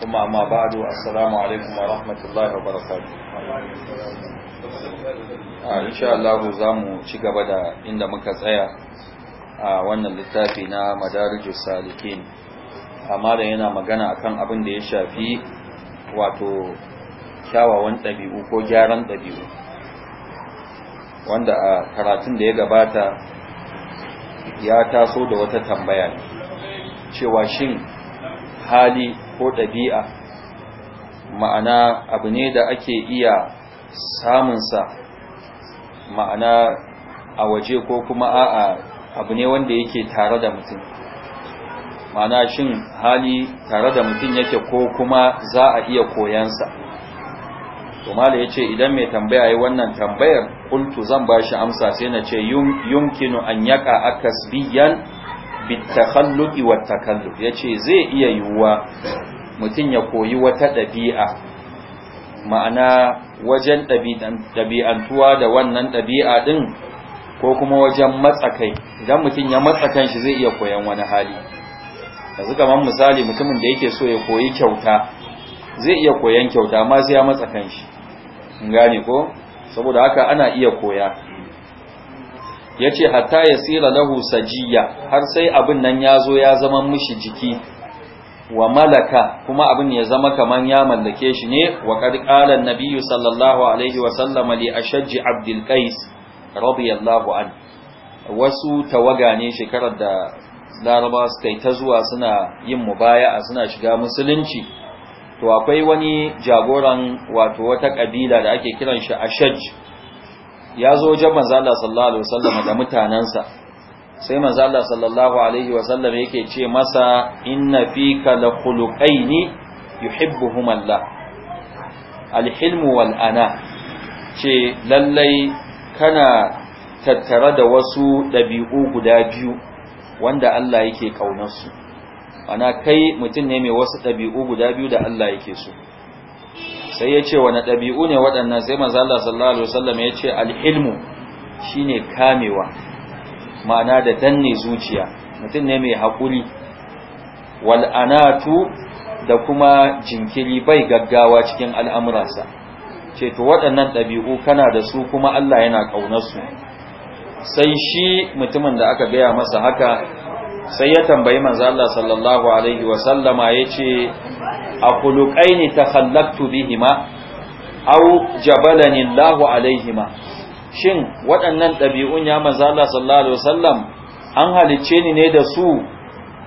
ثم أما بعد a عليكم ورحمة الله وبركاته ci gaba da inda muka tsaya a wannan littafi na Madarijar salikin amma da yana magana a kan abin da ya shafi wato kyawawan ɗabi'u ko gyaran ɗabi'u wanda a karatun da ya gabata ya taso da wata tambaya cewa shin hali ko ɗabi'a ma'ana abu ne da ake iya samunsa ma'ana a waje ko kuma a'a abu ne wanda yake tare da mutum ma'ana shin hali tare da mutum yake ko kuma za a iya koyansa kuma da ya ce idan mai tambaya yi wannan tambayar kultu zan ba shi amsa sai na ce yunkinu an yaka akasbiyan bitakhalluqi wat takalluf yace zai iya yiwuwa mutum ya koyi wata ɗabi'a ma'ana wajen ɗabi'antuwa da wannan ɗabi'a din ko kuma wajen matsakai idan mutum ya matsakan shi zai iya koyan wani hali yanzu kamar misali mutumin da yake so ya koyi kyauta zai iya koyan kyauta ma sai ya matsakan shi gane ko saboda haka ana iya koya ya ce hatta ya tsira lahu sajiya har sai abin nan ya zo ya zama mishi jiki wa malaka kuma abin ya zama kamar ya mallake shi ne wa ƙarƙalar nabiyu sallallahu alaihi wasallama li a shajji abdulkais rabiyallahu an wasu tawaga ne shekarar da laraba suka yi ta zuwa suna yin a suna shiga musulunci to akwai wani jagoran wato wata ƙabila da ake kiran shi ashaj ya zo wajen manzo sallallahu alaihi wasallam da mutanansa sai manzo sallallahu alaihi wasallam yake ce masa inna fika la khuluqaini yuhibbuhuma Allah alhilmu wal ana ce lallai kana tattara da wasu dabi'u guda biyu wanda Allah yake kaunar su ana kai mutum ne mai wasu dabi'u guda biyu da Allah yake so sai ya ce wani ɗabi'u ne waɗannan sai mazala sallallahu alaihi wasallam ya ce al'ilmu shi kamewa ma'ana da danne zuciya mutum ne mai haƙuri wal'anatu da kuma jinkiri bai gaggawa cikin al'amuransa ce to waɗannan ɗabi'u kana da su kuma Allah yana ƙaunarsu sai shi mutumin da aka gaya masa haka sai ya tambayi manzo Allah sallallahu alaihi wasallama ya ce a kulukaini takhallaktu bihima au jabalani Allahu alaihima shin waɗannan ɗabi'un ya maza Allah sallallahu alaihi wasallam an halicce ni ne da su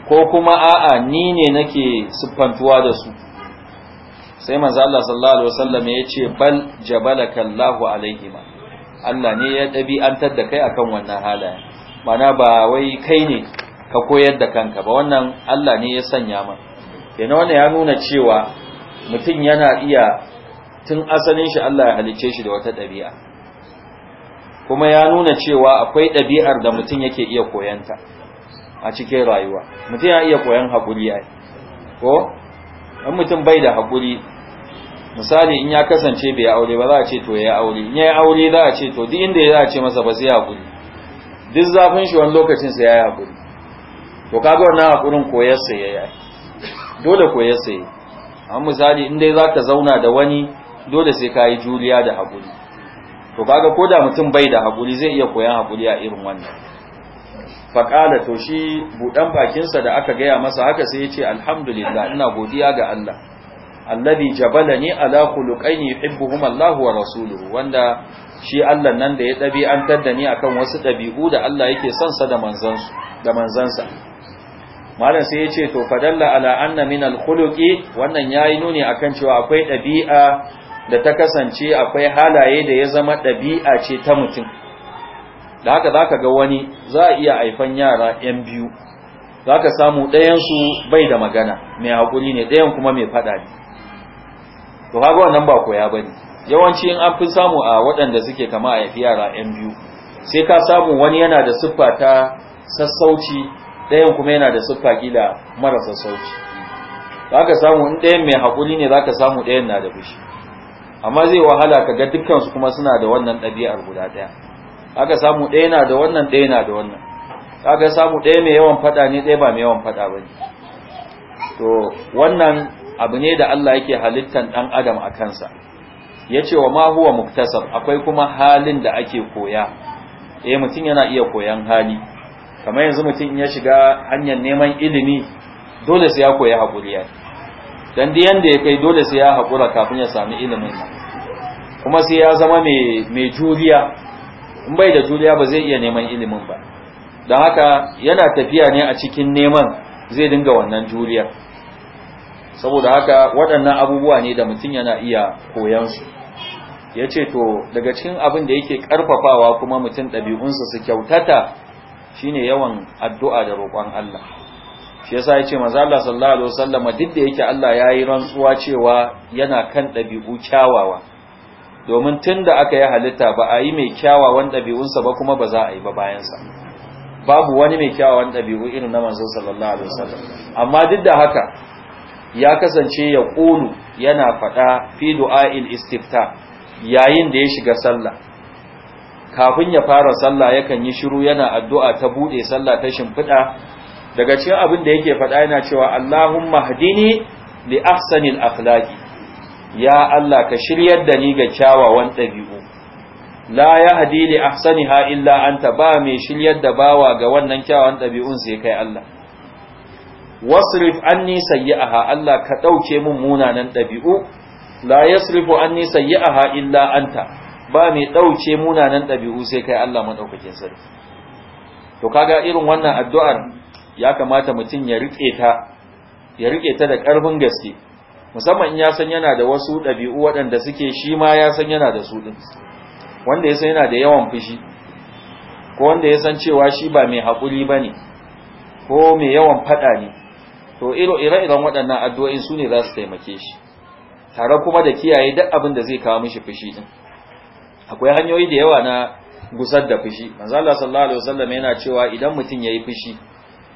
ko kuma a'a ni ne nake siffantuwa da su sai maza Allah sallallahu alaihi wasallam ya ce bal jabalaka Allahu alaihima Allah ne ya ɗabi'antar da kai akan wannan halaye mana ba wai kai ne ka koyar da kanka ba wannan Allah ne ya sanya mana yana wannan ya nuna cewa mutum yana iya tun asalin shi Allah ya halicce shi da wata ɗabi'a kuma ya nuna cewa akwai ɗabi'ar da mutum yake iya koyanta a cikin rayuwa mutum ya iya koyan haƙuri ai ko in mutum bai da haƙuri misali in ya kasance bai aure ba za a ce to ya aure in ya aure za a ce to duk inda ya za a ce masa ba sai haƙuri duk zafin shi wani lokacin sai ya yi haƙuri to kaga wannan haƙurin koyarsa ya yi dole ko ya sayi an misali in dai zaka zauna da wani dole sai ka yi juriya da haƙuri to kaga ko da mutum bai da haƙuri zai iya koyan haƙuri a irin wannan faƙala to shi buɗan bakinsa da aka gaya masa haka sai yace ce alhamdulillah ina godiya ga Allah allabi jabala ne ala khuluqaini yuhibbuhum Allah wa rasuluhu wanda shi Allah nan da ya an da ni akan wasu ɗabi'u da Allah yake son sa da manzansu da manzansa malam sai yace to fadalla ala anna min al-khuluqi wannan yayi nuni akan cewa akwai dabi'a da ta kasance akwai halaye da ya zama dabi'a ce ta mutum da haka zaka ga wani za a iya haifan yara yan biyu zaka samu ɗayan su bai da magana mai hakuri ne ɗayan kuma mai fada ne to kaga wannan ba koya bane yawanci in an fi samu a waɗanda suke kama a yafi yara yan biyu sai ka samu wani yana da siffa ta sassauci ɗayan kuma yana da siffa kila marasa sauki za ka samu in ɗayan mai haƙuri ne za ka samu ɗayan na da fushi amma zai wahala ka ga dukkansu kuma suna da wannan ɗabi'ar guda ɗaya za ka samu ɗaya na da wannan ɗaya na da wannan za ka samu ɗaya mai yawan faɗa ne ɗaya ba mai yawan faɗa ba ne to wannan abu ne da Allah yake halittan ɗan adam a kansa ya ce wa ma huwa muktasab akwai kuma halin da ake koya eh mutum yana iya koyan hali kamar yanzu mutum in ya shiga hanyar neman ilimi dole sai ya koyi haƙuri ya dan da yanda ya kai dole sai ya haƙura kafin ya sami ilimin nan kuma sai ya zama mai juriya in bai da juriya ba zai iya neman ilimin ba don haka yana tafiya ne a cikin neman zai dinga wannan juriya saboda haka waɗannan abubuwa ne da mutum yana iya koyansu ya ce to daga cikin abin da yake ƙarfafawa kuma mutum ɗabi'unsa su kyautata shine yawan addu'a da roƙon Allah shi yasa yace manzo Allah sallallahu alaihi wasallam duk da yake Allah yayi rantsuwa cewa yana kan dabi'u kyawawa domin tunda aka yi halitta ba a yi mai kyawawan dabi'unsa ba kuma ba za a yi ba bayan sa babu wani mai kyawawan dabi'u irin na manzo sallallahu alaihi wasallam amma duk da haka ya kasance ya ƙulu yana faɗa fi du'a'il istifta yayin da ya shiga sallah kafin ya fara sallah yakan yi shiru yana addu'a ta bude sallah ta shimfida daga cikin abin da yake faɗa yana cewa Allahumma hadini li ahsanil akhlaqi ya Allah ka shiryar da ni ga kyawawan ɗabi'u la yahdi li ahsaniha illa anta ba mai shiryar da bawa ga wannan kyawawan ɗabi'un sai kai Allah wasrif anni sayyi'aha Allah ka dauke mun munanan ɗabi'u la yasrifu anni sayyi'aha illa anta ba mai ɗauke munanan ɗabi'u sai kai Allah maɗaukakin sarki to kaga irin wannan addu'ar ya kamata mutum ya riƙe ta ya riƙe ta da ƙarfin gaske musamman in ya san yana da wasu ɗabi'u waɗanda suke shi ma ya san yana da su ɗin wanda ya san yana da yawan fushi ko wanda ya san cewa shi ba mai haƙuri ba ne ko mai yawan faɗa ne to ire-iren waɗannan addu'o'in su ne za su taimake shi tare kuma da kiyaye duk abin da zai kawo mishi fushi ɗin akwai hanyoyi da yawa na gusar da fushi manzo Allah sallallahu alaihi wasallam yana cewa idan mutum yayi fushi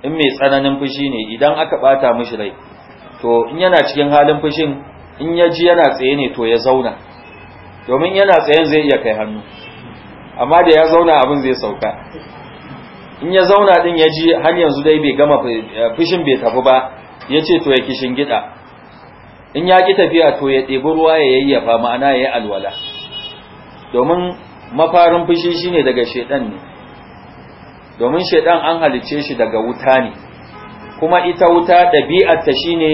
in mai tsananin fushi ne idan aka bata mishi rai to in yana cikin halin fushin in ya ji yana tsaye ne to ya zauna domin yana tsayen zai iya kai hannu amma da ya zauna abin zai sauka in ya zauna din ya ji har yanzu dai bai gama fushin bai tafi ba ya ce to ya kishin gida in ya ki tafiya to ya ɗebi ruwa ya yayyafa ma'ana ya yi alwala domin mafarin fushi shine daga shedan ne domin shedan an halice shi daga wuta ne kuma ita wuta shi shine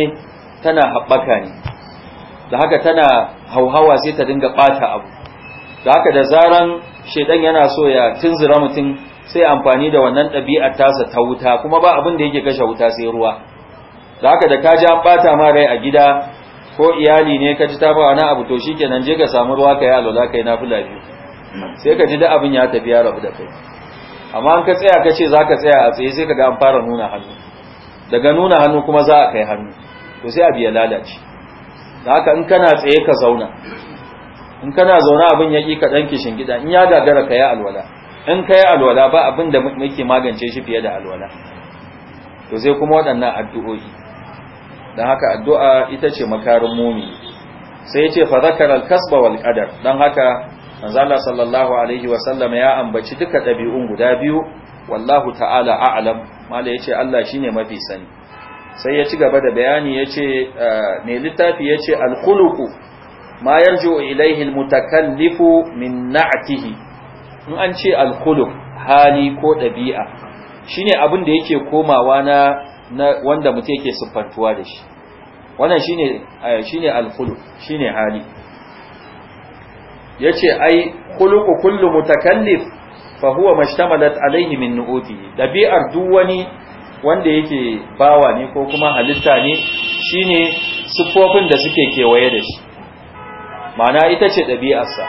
tana haɓaka ne da haka tana hauhawa sai ta dinga ɓata abu da haka da zaran shedan yana so ya tunzura mutum sai amfani da wannan ɗabi'ar tasa ta wuta kuma ba abin da yake kashe wuta sai ruwa da haka da kaji an ɓata ma rai a gida ko iyali ne ka ji ta ba wani abu to shi nan je ka samu ruwa ka yi alwala ka yi fula biyu sai ka ji da abin ya tafi ya rabu da kai amma an ka tsaya ka ce za ka tsaya a tsaye sai ka ga an fara nuna hannu daga nuna hannu kuma za a kai hannu to sai abu ya lalace da haka in kana tsaye ka zauna in kana zaune abin ya ƙi ka ɗan kishin gida in ya gagara ka yi alwala in ka yi alwala ba abin da muke magance shi fiye da alwala to sai kuma waɗannan addu'o'i don haka addu'a ita ce makarin mumi sai ya ce fa al-kasba wal qadar don haka manzala sallallahu alaihi wasallam ya ambaci duka ɗabi'un guda biyu wallahu ta'ala a'lam mala ya ce Allah shine mafi sani sai ya ci gaba da bayani ya ce eh, littafi ya ce alkhuluku ma yarju ilaihi mutakallifu min na'atihi in an ce alkuluk hali ko ɗabi'a shine abin da yake komawa na na wanda mutum yake siffantuwa da shi wannan shine eh, shine al-khuluq shine hali yace ai khuluqu kullu mutakallif fa huwa mashtamalat alayhi min nu'utihi dabi'ar duk wani wanda yake bawa ne ko kuma halitta ne shine siffofin da suke kewaye da shi ma'ana ita ce dabi'arsa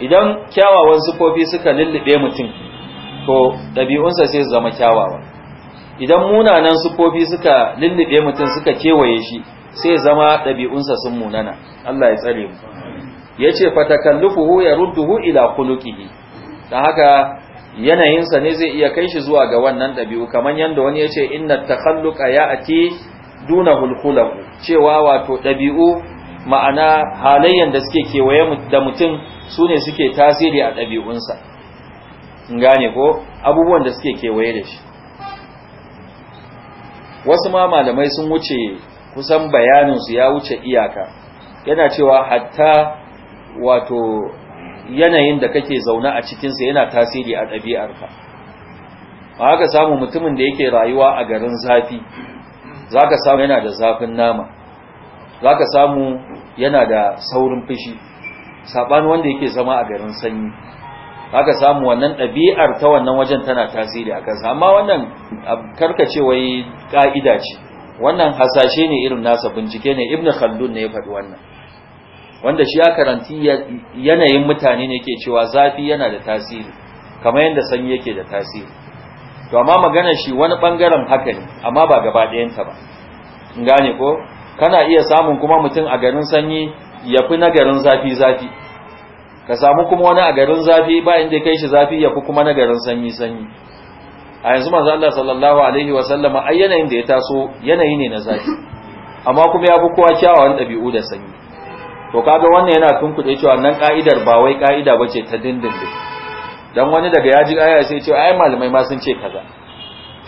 idan kyawawan siffofi suka lullube mutum to dabi'unsa sai zama kyawawa idan munanan sufofi suka lullube mutum suka kewaye shi sai zama ɗabi'unsa sun munana Allah ya tsare mu ya ce fatakallufuhu ya rudduhu ila kulukihi Da haka yanayinsa ne zai iya kai shi zuwa ga wannan ɗabi'u kamar yadda wani ya ce inna takalluka ya ati duna hulkulahu cewa wato ɗabi'u ma'ana halayyan da suke kewaye da mutum su ne suke tasiri a ɗabi'unsa gane ko abubuwan da suke kewaye da shi wasu ma malamai sun wuce kusan bayanin su ya wuce iyaka yana cewa hatta wato yanayin da kake zaune a cikinsa yana tasiri a ɗabi'arka ba haka samu mutumin da yake rayuwa a garin zafi za ka samu yana da zafin nama za ka samu yana da saurin fushi saɓani wanda yake zama a garin sanyi aka samu wannan ɗabi'ar ta wannan wajen tana tasiri a kansa amma wannan karkace wai ƙa'ida ce wannan hasashe ne irin nasa bincike ne ibn khaldun ne ya faɗi wannan wanda shi ya karanti yanayin mutane ne ke cewa zafi yana da tasiri kamar yadda sanyi yake da tasiri to amma magana shi wani bangaren haka ne amma ba gaba ɗayanta ba gane ko kana iya samun kuma mutum a garin sanyi ya fi na garin zafi zafi ka samu kuma wani a garin zafi ba inda kai shi zafi ya fi kuma na garin sanyi sanyi a yanzu manzo Allah sallallahu alaihi wa yanayin da ya taso yanayi ne na zafi amma kuma ya fi kowa kyawawan ɗabi'u da sanyi to kaga wannan yana tunkuɗe cewa nan ka'idar ba wai ka'ida bace ta dindindin dan wani daga yaji aya sai ce ai malamai ma sun ce kaza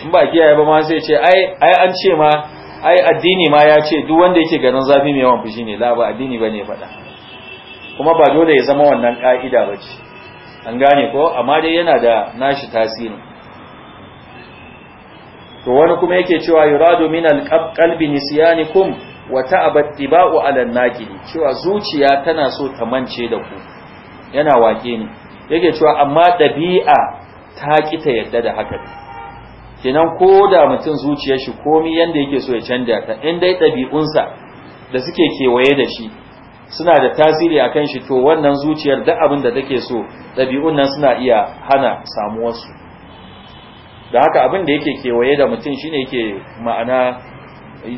in ba kiyaye ba ma sai ce ai an ce ma ai addini ma ya ce duk wanda yake garin zafi mai yawan fushi ne la ba addini bane faɗa kuma ba dole ya zama wannan ka'ida ba ce an gane ko amma dai yana da nashi tasiri to wani kuma yake cewa yuradu min alqalbi nisyanikum wa ta'abat tiba'u ala naqili cewa zuciya tana so ta mance da ku yana wake ne yake cewa amma dabi'a ta ki ta yadda da haka kenan ko da mutum zuciyar shi komai yanda yake so ya canja ta in dai dabi'unsa da suke kewaye da shi suna da tasiri akan shi to wannan zuciyar da abin da take so ɗabi'un nan suna iya hana samuwarsu da haka abin da yake kewaye da mutum shine yake ma'ana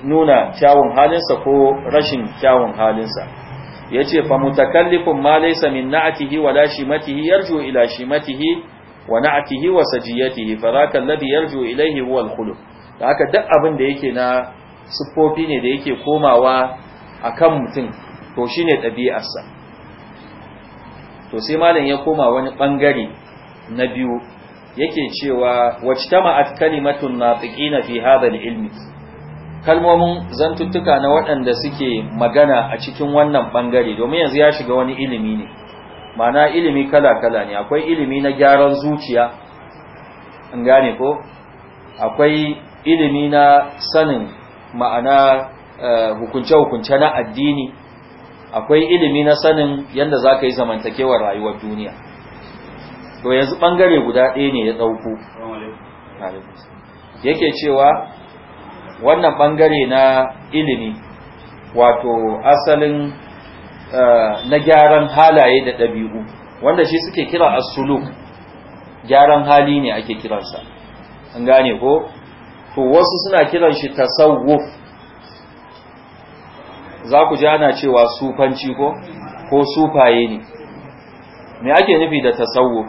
nuna kyawun sa ko rashin kyawun halinsa ya ce fa mutakallifun ma laysa min na'atihi wa la shimatihi yarju ila shimatihi wa na'atihi wa sajiyatihi fa zaka alladhi yarju ilayhi huwa al-khuluq da haka duk abin da yake na siffofi ne da yake komawa akan mutum to shi ne ɗabi'arsa to sai malam ya koma wani ɓangare na biyu yake cewa wacce ta wajtama'at kalimatun na fi hadha ilmi kalmomin zantuttuka na waɗanda suke magana a cikin wannan ɓangare domin yanzu ya shiga wani ilimi ne mana ilimi kala-kala ne akwai ilimi na gyaran zuciya in gane ko akwai ilimi na sanin ma'ana eh, hukunce-hukunce na addini akwai ilimi na sanin yadda za ka yi zamantakewar rayuwar duniya to yanzu ɓangare guda ɗaya ne ya ɗauko yake cewa wannan ɓangare na ilimi wato asalin eh, na gyaran halaye da ɗabi'u wanda shi suke kira asuluk gyaran hali ne ake kiransa an gane ko to wasu suna kiran shi tasawuf za ku ji ana cewa sufanci ko ko sufaye ne me ake nufi da tasawuf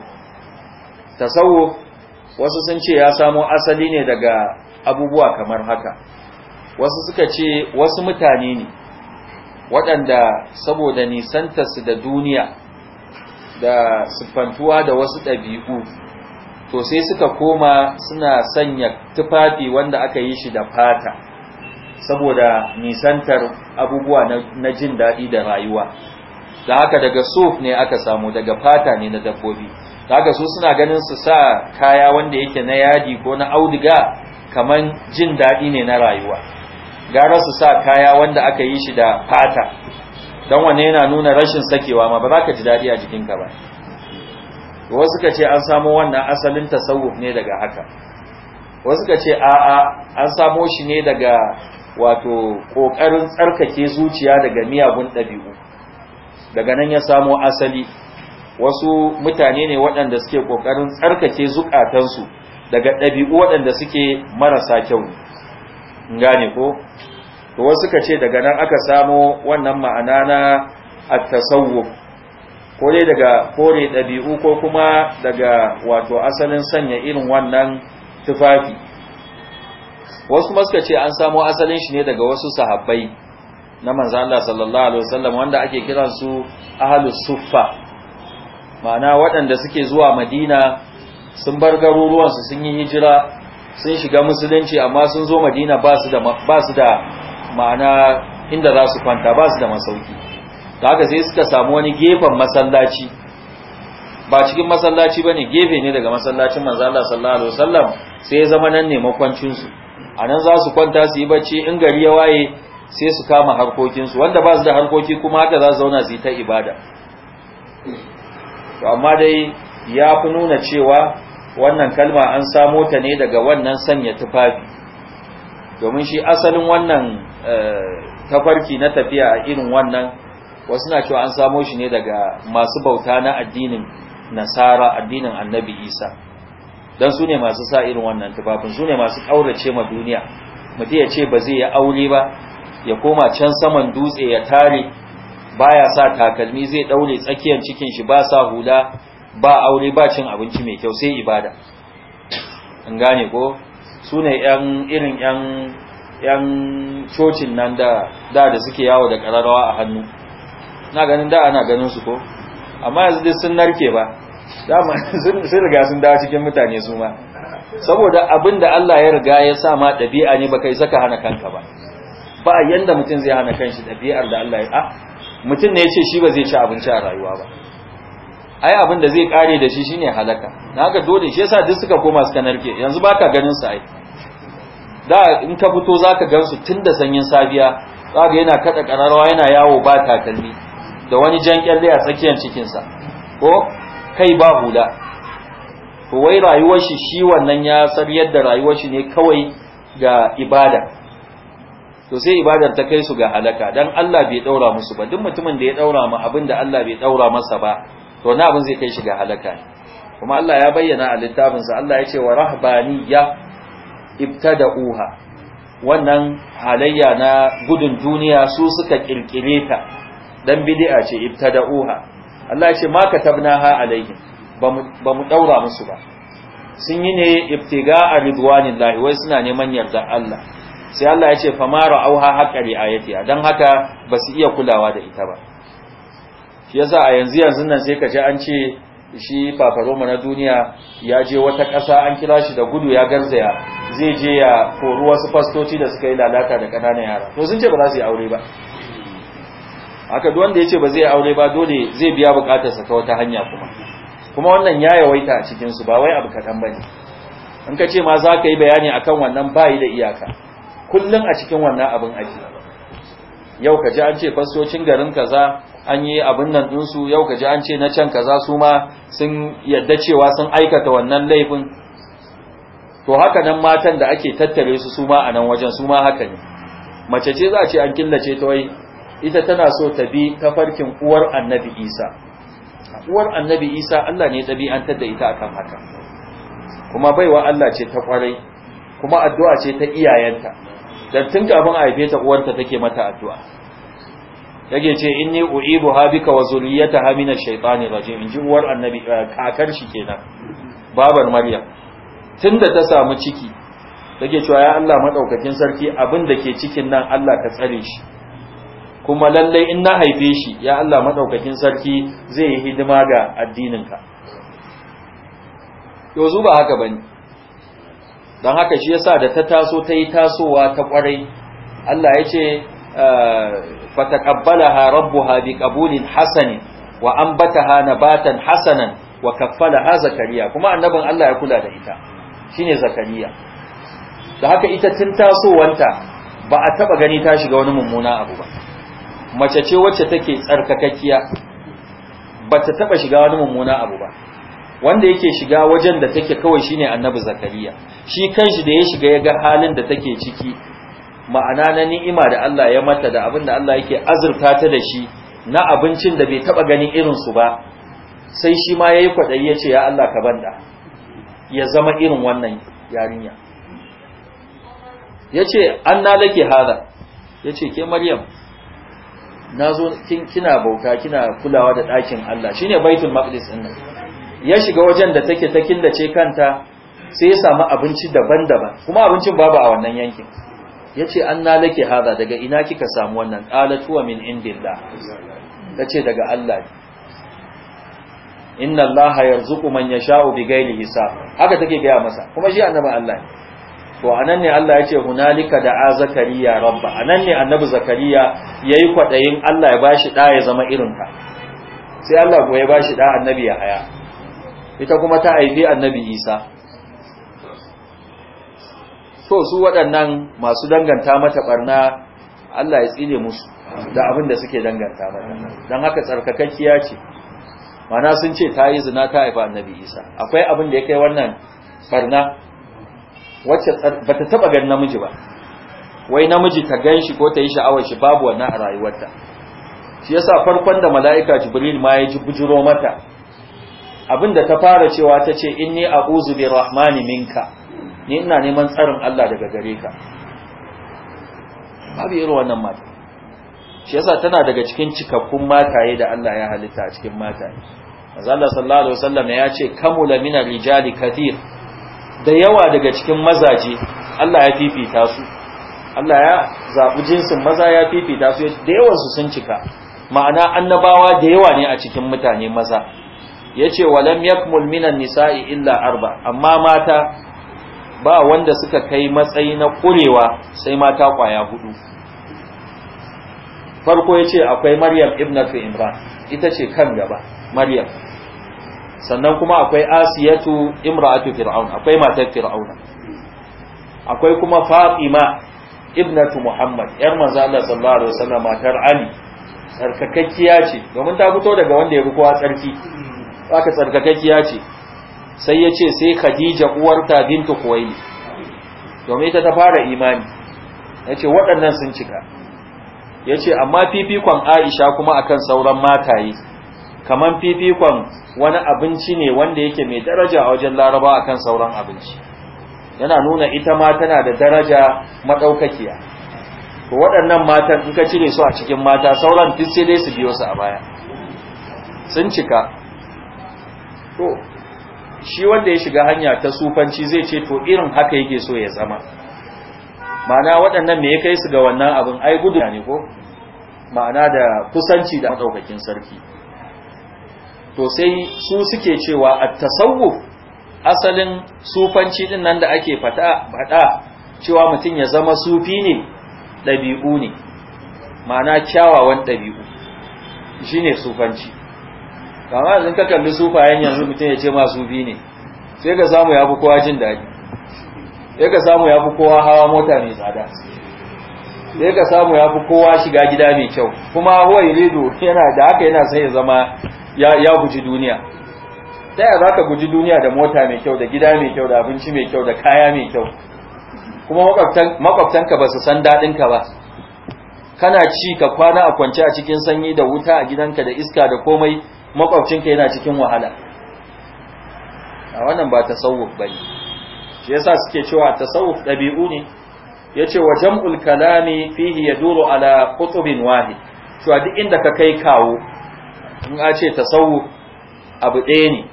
tasawuf wasu sun ce ya samo asali ne daga abubuwa kamar haka wasu suka ce wasu mutane ne waɗanda saboda nisantarsu da duniya da siffantuwa da wasu ɗabi'u to sai suka koma suna sanya tufafi wanda aka yi shi da fata saboda nisantar abubuwa na jin daɗi da rayuwa da haka daga suf ne aka samu daga fata ne na dabbobi da haka su suna ganin su sa kaya wanda yake na yadi ko na auduga kaman jin daɗi ne na rayuwa gara su sa kaya wanda aka yi shi da fata don wane yana nuna rashin sakewa ma ba za ka ji daɗi a jikinka ba wasu ka ce an samo wannan asalin tasawuf ne daga haka wasu ka ce a'a an samo shi ne daga wato ƙoƙarin tsarkake zuciya daga miyagun ɗabi'u daga nan ya samo asali wasu mutane ne waɗanda suke ƙoƙarin tsarkake zukatansu daga ɗabi'u waɗanda suke marasa kyau gane ko to wasu ka ce daga nan aka samo wannan ma'ana na at ko dai daga kore ɗabi'u ko kuma daga wato asalin sanya irin wannan tufafi wasu maska ce an samo asalin shi ne daga wasu sahabbai na manzo Allah sallallahu alaihi wasallam wanda ake kiransu su ahlus suffa ma'ana waɗanda suke zuwa Madina sun bar garuruwan su sun yi hijira sun shiga musulunci amma sun zo Madina ba su da ba su da ma'ana inda za su kwanta ba su da masauki haka sai suka samu wani gefen masallaci ba cikin masallaci bane gefe ne daga masallacin manzo Allah sallallahu alaihi wasallam sai ya zama nan ne makwancin su a nan za su kwanta su yi bacci in gari ya waye sai su kama harkokinsu wanda ba su da harkoki kuma haka za su zauna su yi ta ibada to amma dai ya fi nuna cewa wannan kalma an samo ta ne daga wannan sanya tufafi domin shi asalin wannan eh, tafarki na tafiya a irin wannan wasu na cewa an samo shi ne daga masu bauta na addinin nasara addinin annabi isa don sune masu sa irin wannan tufafin su masu ƙaurace ma duniya mutum ya ce ba zai yi aure ba ya koma can saman dutse ya tare baya sa takalmi zai daure tsakiyar cikin shi ba sa hula ba aure ba cin abinci mai kyau sai ibada in gane ko su ne irin yan cocin nan da da suke yawo da ƙararrawa a hannu na ganin da ana ganin su ko amma yanzu dai sun narke ba dama sun riga sun dawo cikin mutane su ma saboda abin da Allah ya riga ya sa ma ɗabi'a ne baka saka hana kanka ba ba yanda mutum zai hana kanshi ɗabi'ar da Allah ya a mutum ne ya ce shi ba zai ci abinci a rayuwa ba ai abin da zai kare da shi shine halaka na haka dole shi yasa duk suka koma suka narke yanzu ba ka ganin su ai da in ka fito zaka gansu tun da sanyin safiya zaka yana kaɗa kararwa yana yawo ba takalmi da wani jan kyalle a tsakiyar cikinsa ko kai ba hula to wai rayuwar shi shi wannan ya san yadda rayuwar shi ne kawai ga ibada to sai ibadar ta kai su ga halaka dan Allah bai daura musu ba duk mutumin da ya daura ma abinda Allah bai daura masa ba to na abin zai kai shi ga halaka kuma Allah ya bayyana a littafin sa Allah ya ce wa rahbaniya ibtada'uha wannan halayya na gudun duniya su suka kirkire ta dan bid'a ce ibtada'uha Allah ya ce ma ka ha alaihim ba mu daura musu ba sun yi ne ridwanin ridwanillahi wai suna neman yarda Allah sai Allah ya ce fa ma ra'auha a ri'ayatiha dan haka ba su iya kulawa da ita ba shi yasa a yanzu yanzu nan sai ka ji an ce shi fafaroma na duniya ya je wata ƙasa an kira shi da gudu ya garzaya zai je ya kori wasu fastoci da suka yi lalata da ƙananan yara to sun ce ba za su yi aure ba haka duk wanda yace ba zai aure ba dole zai biya bukatar sa ta wata hanya kuma kuma wannan ya yawaita a cikin su ba wai abu kadan bane in ka ce ma za ka yi bayani akan wannan bayi da iyaka kullun a cikin wannan abin aji. yau ka ji an ce fastocin garin kaza an yi abin nan din su. yau ka ji an ce na can kaza su ma sun yadda cewa sun aikata wannan laifin to haka nan matan da ake tattare su su ma a nan wajen su ma haka ne mace ce za a ce an killace ta wai ita tana so ta bi tafarkin uwar annabi isa uwar annabi isa allah ne ɗabi'antar da ita akan haka kuma baiwa allah ce ta kwarai kuma addu'a ce ta iyayenta dan tun kafin a haife ta uwarta take mata addu'a yake ce inni u'ibu habika wa zuriyata ha mina shaytani rajim inji uwar annabi eh, kakar shi kenan babar maryam tunda ta samu ciki take cewa ya Allah madaukakin sarki abin da ke cikin nan Allah ka tsare shi kuma lallai in na haife shi ya Allah madaukakin sarki zai yi hidima ga addininka yanzu ba haka bane don haka shi yasa da ta taso ta yi tasowa ta kwarai Allah ya ce ah, fataqabbalaha rabbuha biqabulin hasani wa na nabatan hasanan wa kaffalaha zakariya kuma annabin Allah ya kula da ita shine zakariya da haka ita tun tasowanta ba a taba gani ta shiga wani mummuna abu ba mace ce wacce take tsarkakakkiya ba ta taɓa shiga wani mummuna abu ba wanda yake shiga wajen da take kawai shine annabi zakariya shi kanshi da ya shiga ya ga halin da take ciki ma'ana na ni'ima da Allah ya mata da abin da Allah yake azurta ta da shi na abincin da bai taba ganin irinsu ba sai shi ma ya yi ya ce ya Allah ka banda ya zama irin wannan yarinya ya ce an na hada ya ke maryam Na zo kina bauta kina kulawa da ɗakin Allah shine baitul maqdis ɗin nan ya shiga wajen da take ta killace kanta sai ya samu abinci daban-daban kuma abincin babu a wannan yankin yace na lake haza daga ina kika samu wannan qalat huwa min indillah tace daga Allah inna Allah yarzuqu man yasha'u bighairi hisab haka take gaya masa kuma shi annaba Allah to anan ne Allah ya ce hunalika da zakariya rabba anan ne annabi zakariya yayi kwaɗayin Allah ya bashi da ya zama irin ka sai Allah ko ya bashi da annabi ya haya ita kuma ta haifi annabi Isa to su waɗannan masu danganta mata barna Allah ya tsine musu da abin da suke danganta mata dan haka tsarkakakkiya ce mana sun ce ta yi zina ta haifa annabi Isa akwai abin da ya kai wannan barna wacce ba ta taba gan namiji ba wai namiji ta gan shi ko ta yi sha'awar shi babu wannan a rayuwarta shi yasa farkon da mala'ika jibril ma ya ji bujiro mata abinda ta fara cewa ta ce inni a'udhu bi rahmani minka ni ina neman tsarin Allah daga gare ka babu irin wannan mata shi yasa tana daga cikin cikakkun mataye da Allah ya halitta a cikin mataye manzo Allah sallallahu alaihi wasallam ya ce kamula minar rijali kathir da yawa daga cikin mazaje Allah ya fifita su Allah ya zaɓi jinsin maza ya fifita su da yawansu sun cika ma'ana annabawa da yawa ne a cikin mutane maza ya ce walam yakmul minan nisa'i illa arba amma mata ba wanda suka kai matsayi na ƙurewa sai mata ƙwaya hudu farko ya ce akwai maryam ibnatu imran ita ce kan gaba maryam sannan kuma akwai asiyatu imra'atu fir'aun akwai matar fir'auna akwai kuma fatima ibnatu muhammad yar manzo Allah sallallahu alaihi wasallam matar ali sarkakakkiya ce domin ta fito daga wanda ya fi kowa tsarki aka sarkakakkiya ce sai yace sai khadija uwarta bintu kuwaili domin ita ta fara imani ya waɗannan sun cika yace ce amma fifikon aisha kuma akan sauran mataye kaman fifikon wani abinci ne wanda yake mai daraja a wajen laraba akan sauran abinci yana nuna ita ma tana da daraja madaukakiya to waɗannan matan in ka cire su a cikin mata sauran duk sai dai su biyo su a baya sun cika to shi wanda ya shiga hanya ta sufanci zai ce to irin haka yake so ya zama ma'ana waɗannan me ya kai su ga wannan abin ai gudu ne ko ma'ana da kusanci da maɗaukakin sarki to sai su suke cewa a tasawuf asalin sufanci din nan da ake faɗa cewa mutum ya zama sufi ne ɗabi'u ne ma'ana kyawawan ɗabi'u shi ne sufanci kama yanzu ka kalli sufayen yanzu mutum ya ce ma sufi ne sai ka samu ya fi kowa jin daɗi sai ka samu ya fi kowa hawa mota mai tsada sai ka samu ya fi kowa shiga gida mai kyau kuma huwa yuridu yana da haka yana sai ya zama ya guji duniya ta yaya za ka guji duniya da mota mai kyau da gida mai kyau da abinci mai kyau da kaya mai kyau kuma makwabtanka ba su san daɗinka ba kana ci ka kwana a kwance a cikin sanyi da wuta a gidanka da iska da komai makwabcinka yana cikin wahala a wannan ba tasawuf bane shi yasa suke cewa tasawuf ɗabi'u ne yace wa jam'ul kalami fihi yaduru ala qutbin wahid cewa duk inda ka kai kawo in a ce tasawuf abu ɗaya ne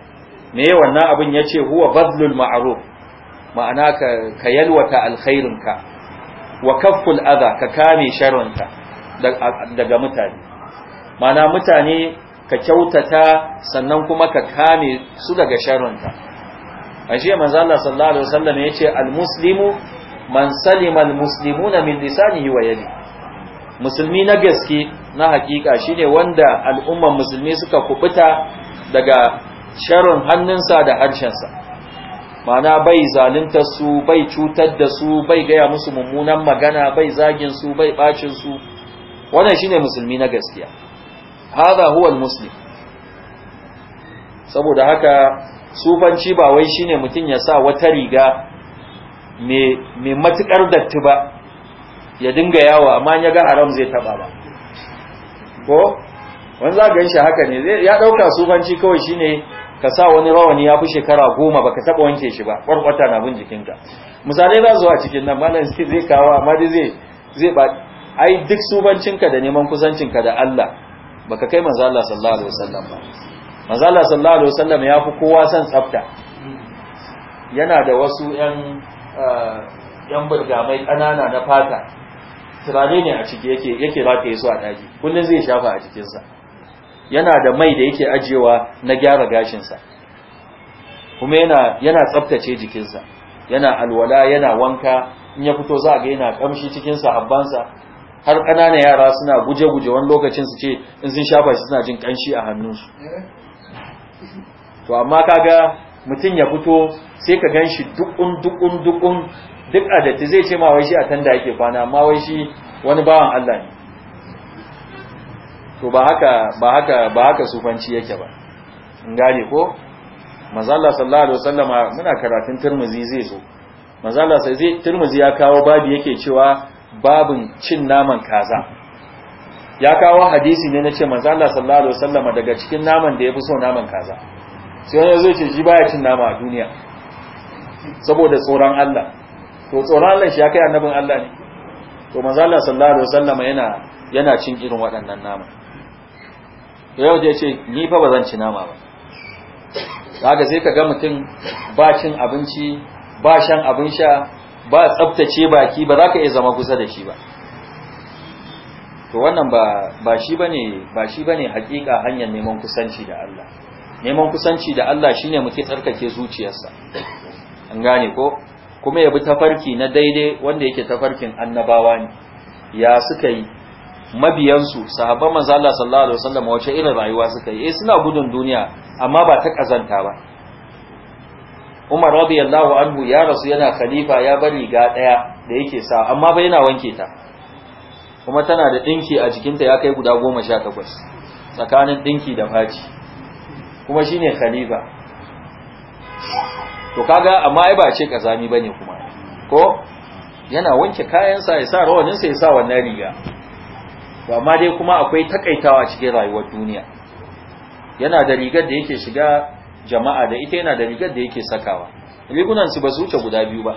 me wannan abin ya ce huwa badlul ma'ruf ma'ana ka yalwata alkhairinka wa kafful adha ka kame sharrinka daga mutane ma'ana mutane ka kyautata sannan kuma ka kame su daga sharrinka ashe manzo Allah sallallahu alaihi wasallam yace almuslimu man salima almuslimuna min lisanihi wa yadihi musulmi na gaske na hakika shine wanda al'umman musulmi suka kubuta daga sharon hannunsa da harshensa mana bai zalunta su bai cutar da su bai gaya musu mummunan magana bai zagin su bai bacin su wannan shine musulmi na gaskiya hadha huwa muslim saboda haka sufanci ba wai shine mutum ya sa wata riga mai matukar datti ba ya dinga yawo amma ya ga haram zai taba ba ko wani za ga shi haka ne ya ɗauka sufanci kawai shine ka sa wani rawani ya fi shekara goma baka taɓa wanke shi ba kwarkwata na bin jikinka misalai za zuwa cikin nan malam zai kawo amma dai zai zai ba ai duk sufancinka da neman kusancinka da Allah baka kai manzo Allah sallallahu alaihi wasallam ba manzo Allah sallallahu alaihi wasallam ya fi kowa son tsafta yana da wasu yan yan eh, burgamai ƙanana na fata turare ne a ciki yake yake rataye su a daji, kullum zai shafa a jikinsa yana da mai da yake ajiyewa na gyara gashinsa kuma yana tsabtace tsaftace jikinsa yana alwala yana wanka in ya fito za a ga yana kamshi cikinsa abbansa. har ƙananan yara suna guje-guje wani lokacin su ce in sun shafa shi suna jin kanshi a hannunsu to amma kaga mutum ya fito sai ka gan shi dukun dukun dukun duk adatti zai ce ma wai shi a da yake kwana amma wai shi wani bawan Allah ne to ba haka ba haka ba haka sufanci yake ba in gane ko manzo Allah sallallahu alaihi wasallama muna karatun Tirmidhi zai zo manzo Allah sai zai Tirmidhi ya kawo babu yake cewa babun cin naman kaza ya kawo hadisi ne na ce manzo Allah sallallahu alaihi wasallama daga cikin naman da yafi so naman kaza sai wani zai ce shi baya cin nama a duniya saboda tsoron Allah to tsoron Allah shi ya kai annabin Allah ne to manzo Allah sallallahu alaihi wasallam yana yana cin irin waɗannan nama to yau da ce ni fa bazan ci nama ba kaga sai ka ga mutum ba cin abinci ba shan abin sha ba tsaftace baki ba za ka iya zama kusa da shi ba to wannan ba shi bane ba shi bane hakika hanyar neman kusanci da Allah neman kusanci da Allah shi ne muke tsarkake zuciyarsa an gane ko kuma ya bi tafarki na daidai wanda yake tafarkin annabawa ne ya suka yi mabiyansu sahabban manzo Allah sallallahu alaihi wasallam wace irin rayuwa suka yi eh suna gudun duniya amma ba ta kazanta ba Umar radiyallahu anhu ya rasu yana khalifa ya bari ga daya da yake sa amma ba yana wanke ta kuma tana da dinki a jikinta ya kai guda 18 tsakanin dinki da faci kuma shine khalifa to kaga amma ai ba ce kazami bane kuma ko yana wanke kayansa ya sa rawaninsa ya sa wannan riga to amma dai kuma akwai takaitawa cikin rayuwar duniya yana da rigar da yake shiga jama'a da ita yana da rigar da yake sakawa rigunan su ba su wuce guda biyu ba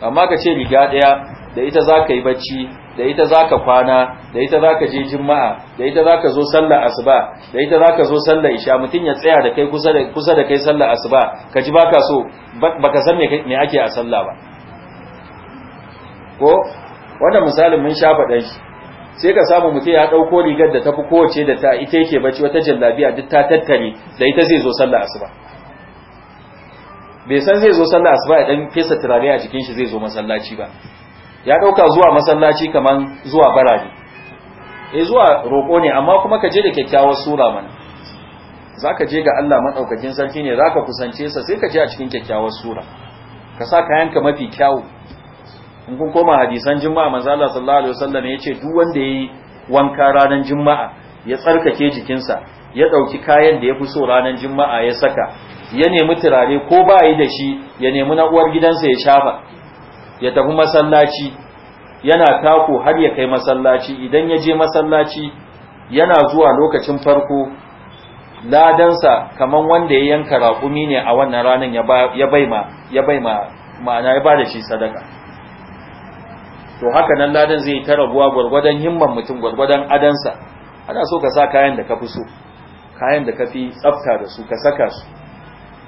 amma ka ce riga ɗaya da ita za ka yi bacci da ita za ka kwana da ita za ka je jima'a da ita za ka zo sallar asuba da ita za ka zo sallar isha mutum ya tsaya da kai kusa da kai sallar asuba ka ji baka so ba ka san me ake a sallah ba ko wannan misalin mun sha faɗan shi sai ka samu mutum ya ɗauko rigar da ta fi kowace da ta ita yake bacci wata jallabiya duk ta tattare da ita zai zo sallar asuba bai san zai zo sallar asuba ya ɗan fesa turare a jikin shi zai zo masallaci ba ya ɗauka zuwa masallaci kamar zuwa barari eh zuwa roƙo ne amma kuma ka je da kyakkyawar sura mana za ka je ga Allah maɗaukakin sarki ne za ka kusance sa sai ka je a cikin kyakkyawar sura ka sa kayanka mafi kyawu in kun koma hadisan juma'a manzo Allah sallallahu alaihi wasallam ya ce duk wanda yayi wanka ranar juma'a ya tsarkake jikinsa ya ɗauki kayan da ya fi so ranar juma'a ya saka ya nemi turare ko ba yi da shi ya nemi na uwar gidansa ya shafa ya tafi masallaci yana tako har ya kai masallaci idan ya je masallaci yana zuwa lokacin farko ladansa kaman wanda ya yanka raƙumi ne a wannan ranar ya bai ya ma'ana ya bada shi sadaka to haka nan ladan zai ta rabuwa gwargwadon himman mutum gwargwadon adansa ana so ka sa kayan da ka fi so kayan da ka fi tsafta da su ka saka su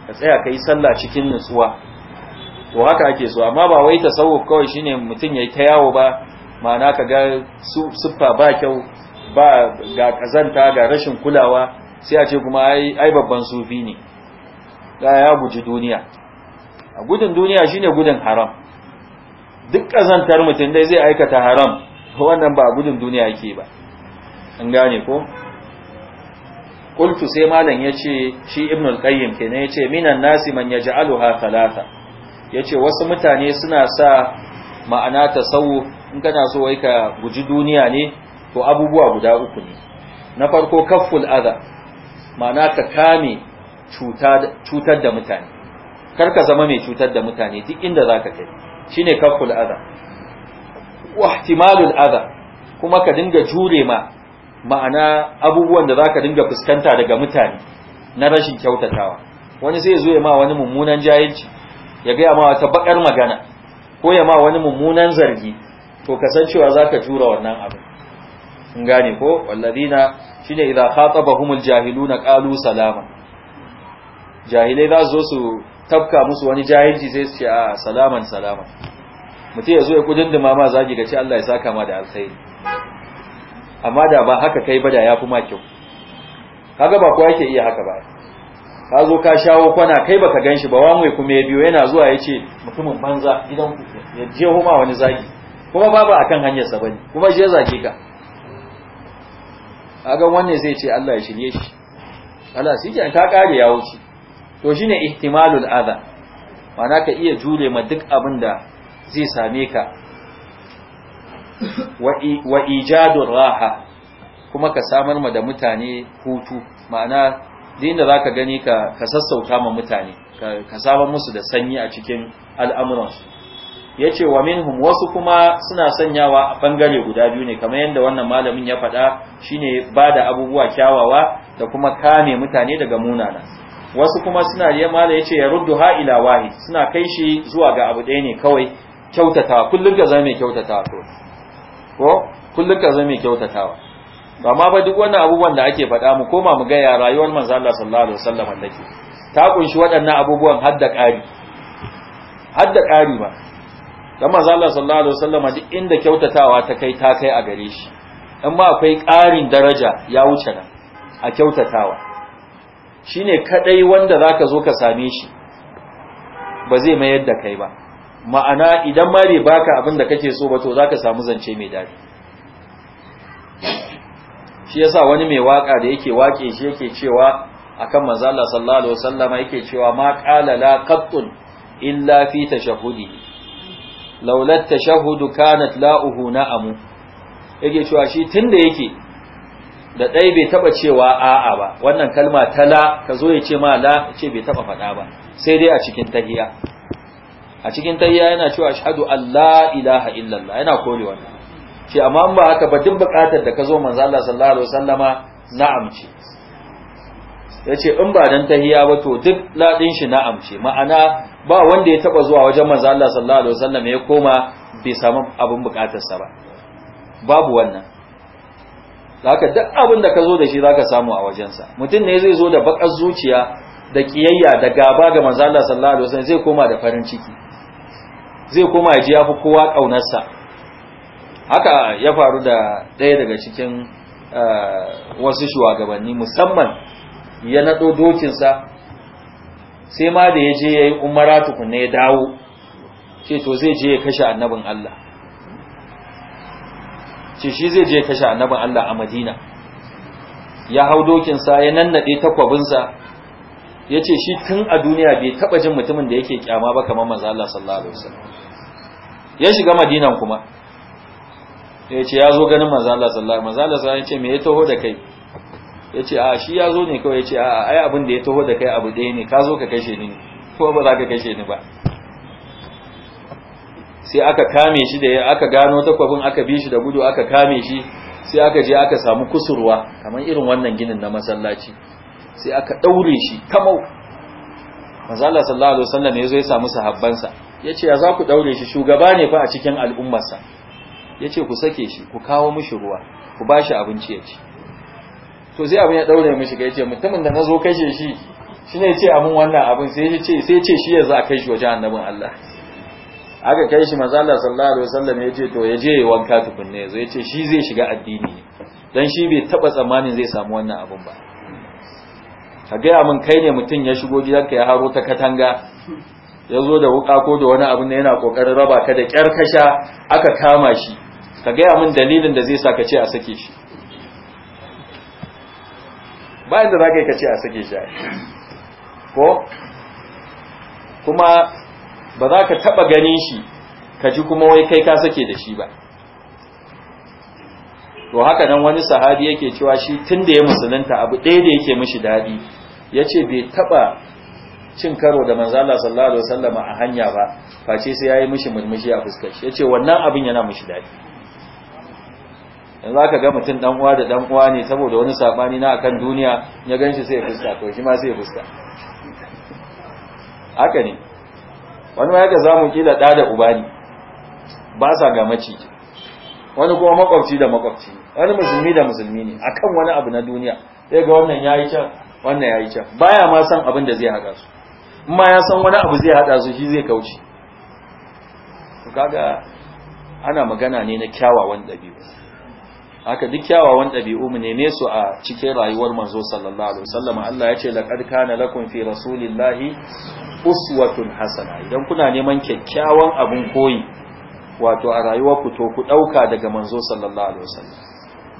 ka tsaya ka yi sallah cikin nutsuwa to haka ake so amma ba wai tasawuf kawai shine mutum yayi ta yawo ba ma'ana ka ga siffa ba kyau ba ga kazanta ga rashin kulawa sai a ce kuma ai ai babban sufi ne da ya guji duniya a gudun duniya shine gudun haram duk kazantar mutum dai zai aikata haram wannan ba gudun duniya yake ba an gane ko Kultu sai malam yace shi ibnul qayyim kenan yace minan nasi man yaj'aluha thalatha Ya ce wasu mutane suna sa ma'ana ta tasawuf in kana so wai ka guji duniya ne to abubuwa guda uku ne na farko kafful adha ma'ana ka kame cutar da mutane kar zama mai cutar da mutane duk inda za ka kai ne kafful adha wa ihtimalul adha kuma ka dinga jure ma ma'ana abubuwan da za ka dinga fuskanta daga mutane na rashin kyautatawa wani zai zo ya ma wani mummunan jahilci ya gaya ma wata bakar magana ko ya ma wani mummunan zargi to kasancewa za ka jura wannan abin in gane ko wallazina shine idza khatabahumul jahiluna qalu salama jahilai za su su tabka musu wani jahilci sai su ce a salaman salaman mutum ya zo ya kudin dumama zagi ga ce Allah ya saka ma da alkhairi amma da ba haka kai ba da ya fi ma kyau kaga ba kowa yake iya haka ba ka zo ka shawo kwana kai baka gan shi ba wanwe kuma ya biyo yana zuwa ya ce mutumin banza gidan ya je homa wani zagi kuma babu akan hanyar sa bane kuma je zage ka kaga wanne zai ce Allah ya shirye shi Allah shi ta kare ya wuce to shine ihtimalul adha mana ka iya jure ma duk abin da zai same ka wa ijadur raha kuma ka samar ma da mutane hutu ma'ana din za zaka gani ka ka sassauta ma mutane ka saba musu da sanyi a cikin al'amuransu yace wa minhum wasu kuma suna sanyawa a bangare guda biyu ne kamar yadda wannan malamin ya faɗa shine ba da abubuwa kyawawa da kuma kame mutane daga munana wasu kuma suna ya mala yace ya ruddu ha ila wahi suna kai shi zuwa ga abu ɗaya ne kawai kyautatawa kullum ka zama mai kyautatawa ko kullum ka zama mai kyautatawa amma ba duk wannan abubuwan da ake faɗa mu koma mu ga ya rayuwar manzo Allah sallallahu alaihi wasallam take ta kunshi waɗannan abubuwan har da ƙari har da ƙari ba dan manzo Allah sallallahu alaihi wasallam duk inda kyautatawa ta kai ta kai a gare shi in ma akwai ƙarin daraja ya wuce nan a kyautatawa shine kadai wanda zaka zo ka same shi ba zai mayar da kai ba ma'ana idan ma bai baka abin da kake so ba to zaka samu zance mai daɗi shi yasa wani mai waka da yake wake shi yake cewa akan manzo Allah sallallahu alaihi wasallama yake cewa ma qala la qattun illa fi tashahudi laula tashahudu kanat la uhuna yake cewa shi tunda yake da ɗaya bai taba cewa a'a ba wannan kalma ta la ka zo ya ce ma la ce bai taɓa faɗa ba sai dai a cikin tahiya a cikin tahiya yana cewa ashhadu an la ilaha illallah yana kore ce amma ba haka ba duk bukatar da ka zo manzo Allah sallallahu alaihi wasallama na'am ce yace in ba dan tahiya ba to duk ladin shi na'am ce ma'ana ba wanda ya taba zuwa wajen manzo Allah sallallahu alaihi wasallama ya koma bai samu abin sa ba babu wannan haka duk abin da ka zo da shi zaka samu a wajensa mutum ne zai zo da bakar zuciya da kiyayya da gaba ga manzo Allah sallallahu alaihi wasallam zai koma da farin ciki zai koma ya ji yafi kowa kaunarsa haka ya faru da ɗaya daga cikin eh, wasu shugabanni musamman ya naɗo dokinsa sai ma da ya je ya yi umara tukuna ya dawo ce to zai je ya kashe annabin Allah ce shi zai je ya kashe annabin Allah a madina ya hau dokinsa ya nannaɗe takwabinsa ya ce shi tun a duniya bai taɓa jin mutumin da yake kyama ba kamar maza Allah sallallahu Alaihi wasallam ya shiga madinan kuma ya ce ya zo ganin mazala sallallahu mazala sallallahu ya ce me ya taho da kai ya ce a shi ya zo ne kawai ya ce a ai abin da ya taho da kai abu ɗaya ne ka zo ka kashe ni ko ba za ka kashe ni ba sai aka kame shi da aka gano takwabin aka bi shi da gudu aka kame shi sai aka je aka samu kusurwa kamar irin wannan ginin na masallaci sai aka daure shi kamau manzala sallallahu alaihi wasallam ya zo ya samu sahabbansa ce ya za ku daure shi shugaba ne fa a cikin al'ummarsa ya ce ku sake shi ku kawo mishi ruwa ku ba shi abinci ya ci to sai abin ya daure mishi ga ya ce mutumin da na zo kashe shi shi ne ce abin wannan abin sai ya ce sai ce shi ya za a kai shi wajen annabin Allah aka kai shi manzo Allah sallallahu alaihi wasallam ya ce to ya je ya wanka tukunne ya zo ya ce shi zai shiga addini dan shi bai taba tsammanin zai samu wannan abin ba ka gaya min kai ne mutum ya shigo gidanka ya haro ta katanga ya zo da wuka ko da wani abin ne yana kokarin raba ka da kyar kasha aka kama shi ka gaya min dalilin da zai sa ka ce a sake shi bayan da za ka yi ka ce a sake shi ko kuma ba za ka taba ganin shi ka ji kuma wai kai ka sake da shi ba to haka nan wani sahabi yake cewa shi tun da ya musulunta abu ɗaya da yake mishi daɗi ya ce bai taɓa cin karo da manzo Allah sallallahu alaihi wasallama a hanya ba face sai yayi mishi murmushi a fuskar shi yace wannan abin yana mishi dadi yanzu aka ga mutum dan uwa da dan uwa ne saboda wani sabani na akan duniya ya ganshi sai ya fuska to shi ma sai ya fuska haka ne wani ya ga zamu kila da da uba ne ba sa ga maciji wani kuma makwabci da makwabci wani musulmi da musulmi ne akan wani abu na duniya sai ga wannan yayi can wannan yayi can baya ma san abin da zai haka su ma ya san wani abu zai hada su shi zai kauce kaga ana magana ne na kyawawan ɗabi'u haka duk kyawawan ɗabi'u mu neme su a cikin rayuwar manzo sallallahu alaihi wasallam Allah ya ce laqad kana lakum fi rasulillahi uswatun hasana idan kuna neman kyakkyawan abun koyi wato a rayuwar ku to ku dauka daga manzo sallallahu alaihi wasallam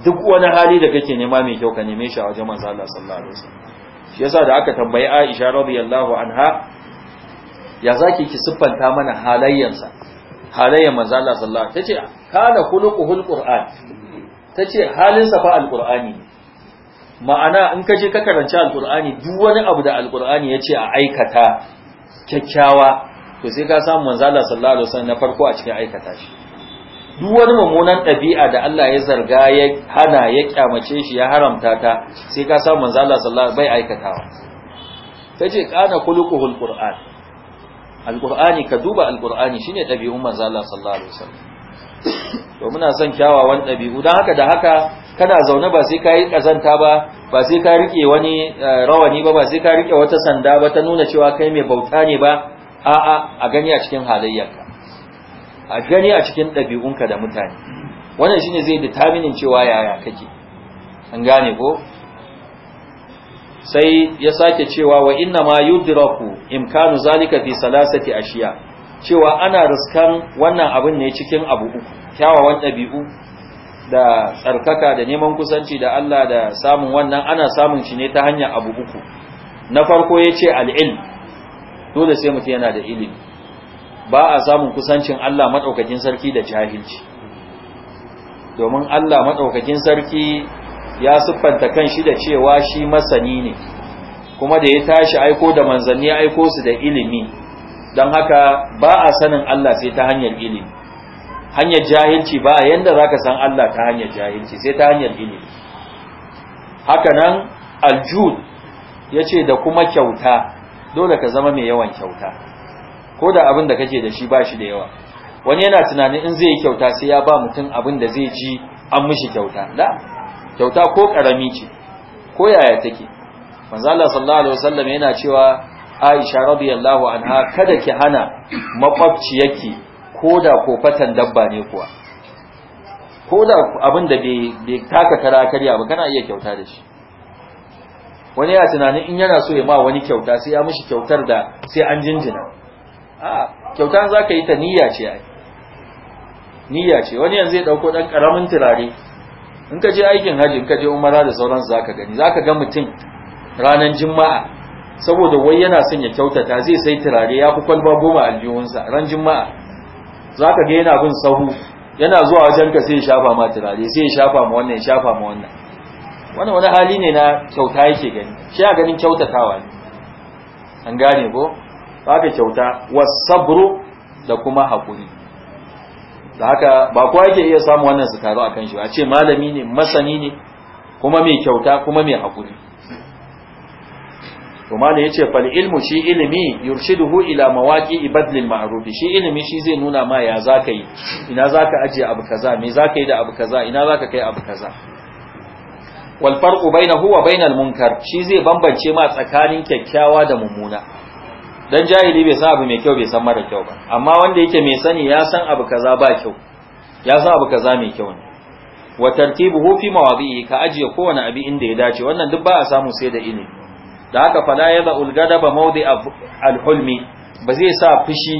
duk wani hali da kake nema mai kyau ka neme shi a wajen manzo sallallahu alaihi wasallam shi yasa da aka tambayi Aisha radiyallahu anha ya zaki ki siffanta mana halayyansa halayyan manzo Allah sallallahu alaihi wasallam tace kana khuluquhul qur'an tace halinsa fa alqur'ani ma'ana in ka je ka karanci alqur'ani duk wani abu da alqur'ani yace a aikata kyakkyawa to sai ka samu manzo Allah sallallahu alaihi wasallam na farko a cikin aikata shi duk wani mummunan ɗabi'a da Allah ya zarga ya hana ya kyamace shi ya haramta ta sai ka samu manzo Allah sallallahu bai aikatawa kace kana khuluquhul qur'an alqur'ani ka duba alqur'ani shine ɗabi'un manzo Allah sallallahu alaihi wasallam to muna son kyawawan ɗabi'u don haka da haka kana zaune ba sai ka yi ƙazanta ba ba sai ka riƙe wani eh, rawani ba ba sai ka riƙe wata sanda ba ta nuna cewa kai mai bauta ne ba a'a a gani a cikin halayyarka a gani a cikin ɗabi'unka da mutane wannan shine zai determinin cewa yaya kake an gane ko sai ya sake cewa wa inna ma yudraku imkanu zalika fi salasati ashiya cewa ana riskan wannan abin ne cikin abu uku kyawawan ɗabi'u da tsarkaka da neman kusanci da Allah da samun wannan ana samun shi ne ta hanyar abu uku na farko yace al-ilm dole sai mutum yana da ilimi ba a samun kusancin Allah madaukakin sarki da jahilci domin Allah maɗaukakin sarki ya siffanta kan shi da cewa shi masani ne kuma da ya tashi aiko da manzanni aiko su da ilimi don haka ba a sanin Allah sai ta hanyar ilimi hanyar jahilci ba za ka san Allah ta hanyar jahilci sai ta hanyar ilimi haka nan aljud ce da kuma kyauta dole ka zama mai yawan kyauta ko da abin da kake da shi ba shi da yawa wani yana tunanin in zai yi kyauta sai ya ba mutum abin da zai ji an mishi kyauta da kyauta ko karami ce ko yaya take manzo Allah sallallahu alaihi wasallam yana cewa Aisha radiyallahu anha kada ki hana ko da kofatan dabba ne kuwa Ko da abin da bai taka kara karya ba kana iya kyauta da shi wani ya tunanin in yana so ya ma wani kyauta sai ya mishi kyautar da sai an jinjina a kyauta za ka yi ta niyya ce ai niyya ce wani yanzu ya dauko dan karamin turare in ka je aikin hajji in ka je umara da sauransu za ka gani za ka ga mutum ranar juma'a saboda wai yana son ya kyautata zai sai turare ya fi kwalba goma aljihunsa ran juma'a za ka ga yana bin sahu yana zuwa wajen ka sai ya shafa ma turare sai ya shafa ma wannan ya shafa ma wannan wannan wani hali ne na kyauta yake gani shi a ganin kyautatawa ne an gane ko haka kyauta wasabru da kuma hakuri. da haka ba kowa yake iya samu wannan su a akan shi ba a ce malami ne masani ne kuma mai kyauta kuma mai haƙuri to ya yace fal ilmu shi ilimi yurshiduhu ila mawaqi ibadlil ma'ruf shi ilimi shi zai nuna ma ya zaka yi ina zaka aje abu kaza me zaka yi da abu kaza ina zaka kai abu kaza wal farqu bainahu wa bainal munkar shi zai bambance ma tsakanin kyakkyawa da mummuna dan jahili bai san abu mai kyau bai san mara kyau ba amma wanda yake mai sani ya san abu kaza ba kyau ya san abu kaza mai kyau ne wa tartibuhu fi mawadi'i ka ajiye kowane abi inda ya dace wannan duk ba a samu sai da ilimi da haka fala yada ulgadaba mawdi al-hulmi ba zai sa fushi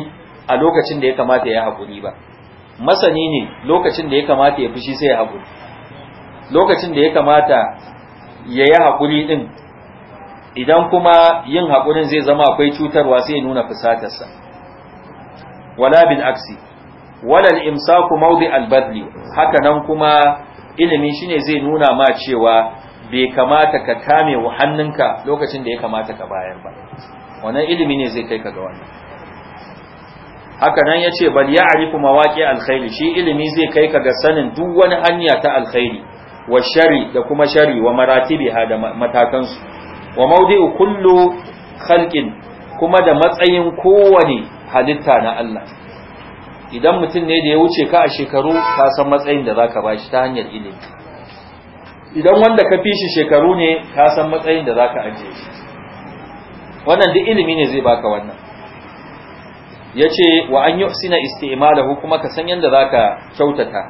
a lokacin da ya kamata ya hakuri ba masani ne lokacin da ya kamata ya fushi sai ya hakuri lokacin da ya kamata ya yi hakuri din idan kuma yin haƙurin zai zama akwai cutarwa sai nuna fusatarsa wala bil aksi walal imsaku maudi albadli haka nan kuma ilimi shine zai nuna ma cewa bai kamata ka kame wa hannunka lokacin da ya kamata ka bayar ba wannan ilimi ne zai kai ka ga wannan haka nan yace bal ya'rifu mawaqi alkhairi shi ilimi zai kai ka ga sanin duk wani hanya ta alkhairi wa shari da kuma shari wa maratibiha da matakansu wa mawdi'u kullu khalqin kuma da matsayin kowane halitta na Allah idan mutum ne da ya wuce ka a shekaru ka san matsayin da zaka bashi ta hanyar ilimi idan wanda ka fi shi shekaru ne ka san matsayin da zaka ajiye shi wannan duk ilimi ne zai baka wannan yace wa an yusina isti'malahu kuma ka san yanda zaka kyautata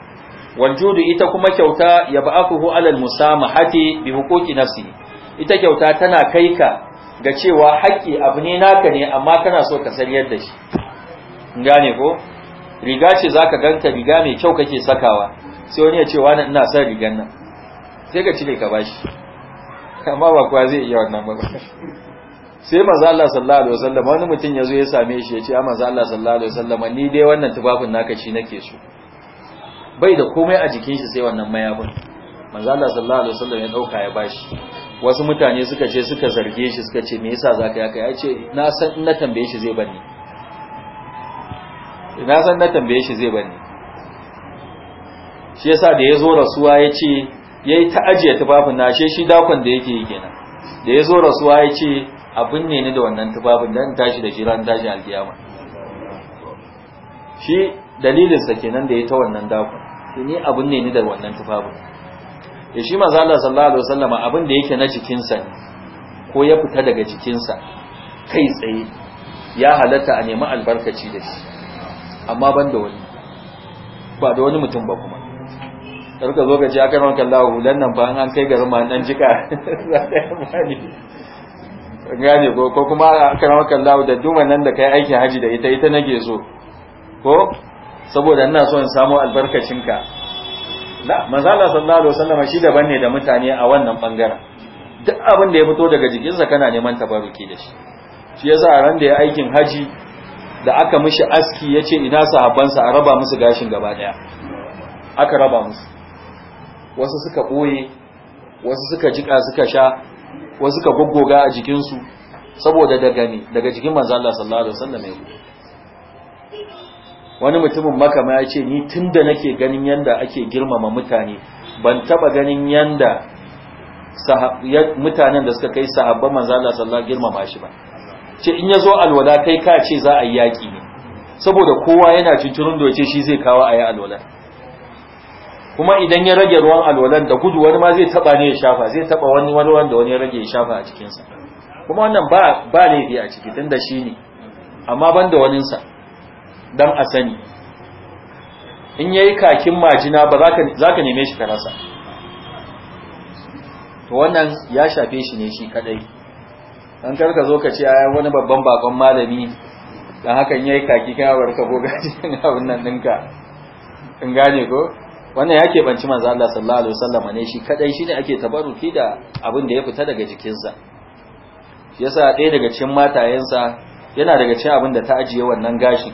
wanjudu ita kuma kyauta ya ba'athu ala al-musamahati bi huquqi nafsihi ita kyauta tana kai ka ga cewa haƙƙi abu ne naka ne amma kana so ka san yadda shi gane ko riga ce zaka ganta riga mai kyau kake sakawa sai wani ya ce wani ina son rigan nan sai ka cire ka bashi amma ba kuwa zai iya wannan ba sai manzo Allah sallallahu alaihi wasallam wani mutum yazo ya same shi ya ce manzo Allah sallallahu alaihi wasallam ni dai wannan tubafin naka shi nake so bai da komai a jikin shi sai wannan mayafin manzo Allah sallallahu alaihi wasallam ya dauka ya bashi wasu mutane suka ce suka zarge shi suka ce me yasa zaka yaka ya ce na san in na tambaye shi zai bani na san na tambaye shi zai bani shi yasa da yazo rasuwa yace yayi ta ajiye tufafin na she shi dakon da yake yi kenan da yazo rasuwa yace abin ne ni da wannan tufafin dan tashi da shi ran tashi alkiyama shi dalilinsa kenan da ya ta wannan dakon ni abin ne ni da wannan tufafin ya shi manzo Allah sallallahu alaihi wasallama abin da yake na jikinsa ko ya fita daga jikinsa kai tsaye ya halatta a nemi albarkaci da shi amma ban da wani ba da wani mutum ba kuma ka zo gaji ji aka ranka Allah hulan nan ba an kai garin ma dan jika za ta yi gane ko ko kuma aka ranka Allah da duma nan da kai aikin haji da ita ita nake so ko saboda ina so in samu albarkacinka la manzala sallallahu alaihi wasallam shi daban ne da mutane a wannan bangaren duk abin da ya fito daga jikinsa kana neman tabaruki da shi shi yasa ran da ya aikin haji da aka mishi aski yace ina sahabbansa a raba musu gashin gaba daya aka raba musu wasu suka boye wasu suka jika suka sha wasu suka goggoga a jikinsu saboda daga ne daga jikin manzala sallallahu alaihi wasallam ya wani mutumin makama ya ce ni tunda nake ganin yanda ake girmama mutane ban taba ganin yanda mutanen da suka kai sahabba manzo Allah sallallahu girmama shi ba ce in yazo alwala kai ka ce za a yi yaki ne saboda kowa yana cincirin da yace shi zai kawo ayi alwala kuma idan ya rage ruwan alwalan da gudu wani ma zai taba ne ya shafa zai taba wani wani wanda wani ya rage ya shafa a cikin sa kuma wannan ba ba laifi a ciki tunda shi ne amma banda waninsa don a sani in ya yi kakin majina ba za ka neme shi ka rasa to wannan ya shafe shi ne shi kadai An karka zo ka ce a wani babban bakon malami don in ya yi kaki kan abar ka boga cikin abin nan ɗinka in gane ko wannan ya keɓanci manzo Allah sallallahu alaihi wasallam ne shi kadai ne ake tabaruki da abin da ya fita daga jikinsa yasa ɗaya daga cikin matayensa yana daga cikin abin da ta ajiye wannan gashi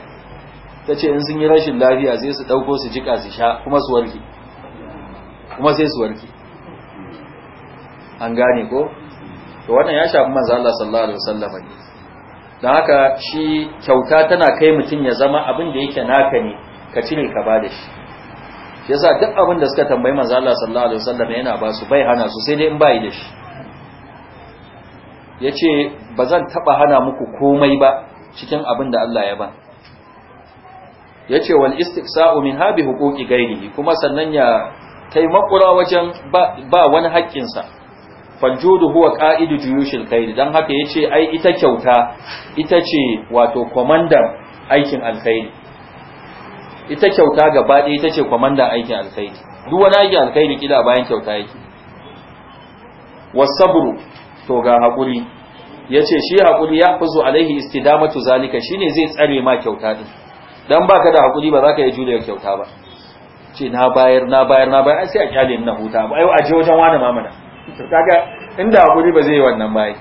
ta ce in sun yi rashin lafiya sai su ɗauko su jika su sha kuma su warke kuma sai su warke an gane ko to wannan ya shafi manzo Allah sallallahu alaihi wasallam ne dan haka shi kyauta tana kai mutun ya zama abin da yake naka ne ka cire ka ba da shi shi yasa duk abin da suka tambayi manzo Allah sallallahu alaihi wasallam yana ba su bai hana su sai dai in ba yi da shi yace bazan taba hana muku komai ba cikin abin da Allah ya ba yace wal istiqsa'u min habi huquqi ghairihi kuma sannan ya kai makura wajen ba wani haƙƙin sa faljudu huwa qa'idu juyushil khair dan haka yace ai ita kyauta ita ce wato commander aikin alkhair ita kyauta gaba ɗaya ita ce commander aikin alkhair duk wani aikin alkhair kila bayan kyauta yake wasabru to ga hakuri yace shi hakuri ya fuzu alaihi istidamatu zalika shine zai tsare ma kyauta din dan baka da hakuri ba za ka yi juriyar kyauta ba ce na bayar na bayar na bayar sai a kyale na huta ba yau aje wajen wani mamana kaga inda hakuri ba zai yi wannan bai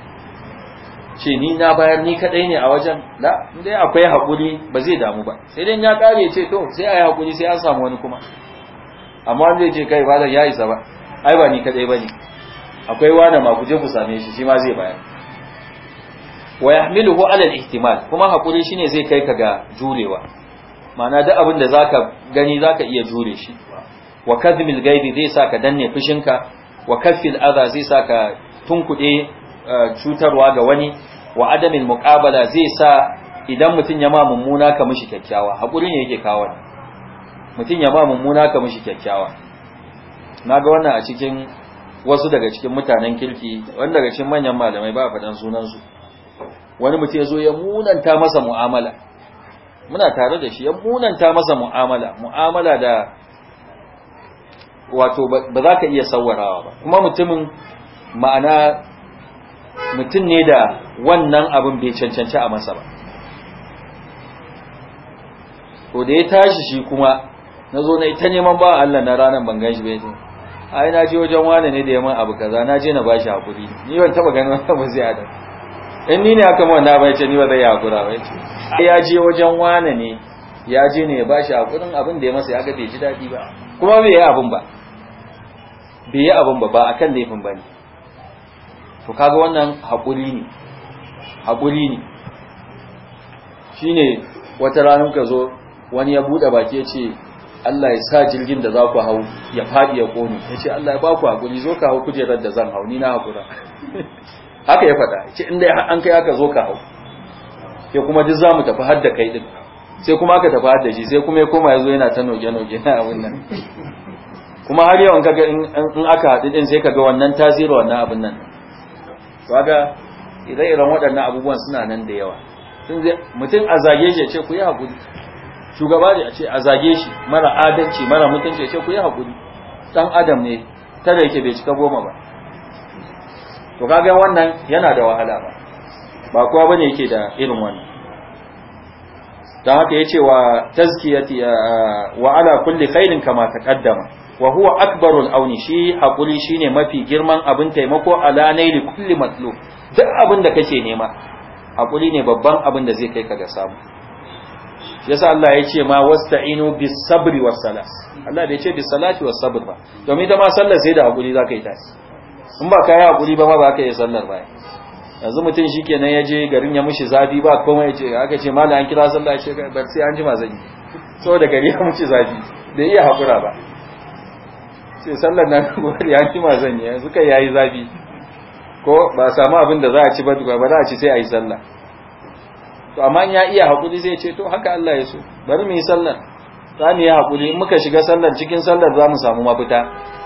ce ni na bayar ni kadai ne a wajen da dai akwai hakuri ba zai damu ba sai dai ya kare ce to sai ayi hakuri sai an samu wani kuma amma wanda ya ce kai ba ya isa ba ai ba ni kadai bane akwai wani ma ku je ku same shi shi ma zai bayar wa yahmiluhu ala al-ihtimal kuma hakuri shine zai kai ka ga jurewa ma'ana duk abin da zaka gani zaka iya jure shi wa kadhimil gaibi zai sa ka danne fushinka wa kaffil adha zai sa ka tunkuɗe eh, cutarwa ga wani wa adamin muqabala zai sa idan mutum ya ma mummuna ka mishi kyakkyawa hakuri ne yake kawo mutum ya ma mummuna ka mishi kyakkyawa naga wannan a cikin wasu daga cikin mutanen kirki wani daga cikin manyan malamai ba a faɗan sunansu wani mutum ya zo ya munanta masa mu'amala muna tare da shi ya munanta masa mu'amala mu'amala da wato ba za ka iya sawarawa ba kuma mutumin ma'ana mutum ne da wannan abin bai cancanci a masa ba to da ya tashi shi kuma na zo na ita neman ba Allah na ranar ban ganshi shi bai ai na je wajen wane ne da ya abu kaza na je na bashi hakuri ni ban taba ganin wannan ba zai adam in ni ne aka mawa na bai ce ni ba zai yi hakura bai ce ya je wajen wane ne ya je ne ya ba shi hakurin abin da ya masa ya ga bai ji daɗi ba kuma bai yi abin ba bai yi abin ba ba a kan laifin ba ne to kaga wannan haƙuri ne haƙuri ne shi ne wata ranar ka zo wani ya buɗe baki ya ce Allah ya sa jirgin da za ku hau ya faɗi ya ƙone ya ce Allah ya ba ku haƙuri zo ka hau kujerar da zan hau ni na haƙura haka ya faɗa ce inda an kai aka zo ka hau ke kuma duk za mu tafi har da kai din sai kuma aka tafi har da shi sai kuma ya koma ya zo yana ta noge-noge na abin nan kuma har yawan kaga in aka haɗu din sai kaga wannan tasiri wannan abin nan haka ire-iren waɗannan abubuwan suna nan da yawa mutum a zage shi ce ku yi haƙuri shugaba ne a ce a zage shi mara adalci mara mutunci ce ku yi haƙuri dan adam ne tare yake bai cika goma ba to kaga wannan yana da wahala ba ba kowa bane yake da irin wannan da haka yace wa tazkiyati wa ala kulli khairin kama taqaddama wa huwa akbarul auni shi hakuri shine mafi girman abin taimako ala naili kulli matlub duk abin da kake nema hakuri ne babban abin da zai kai ka ga samu yasa Allah ya ce ma wasta'inu bis sabri was salat Allah bai ce bis salati was sabr ba domin da ma sallar sai da hakuri zaka yi tasi. in ba ka yi hakuri ba ma ba ka iya sallar ba yanzu mutum shi kenan ya je garin ya mushi zafi ba kuma ya ce aka ce mala an kira sallah ya ce ba sai an jima zan yi da gari ya mushi zafi bai iya hakura ba sai sallar na gobe ya ji zan yi yanzu kai yayi zafi ko ba samu abin da za a ci ba ba za a ci sai a yi sallah to amma ya iya hakuri zai ce to haka Allah ya so bari mu yi sallar za mu yi hakuri in muka shiga sallar cikin sallar za mu samu mafita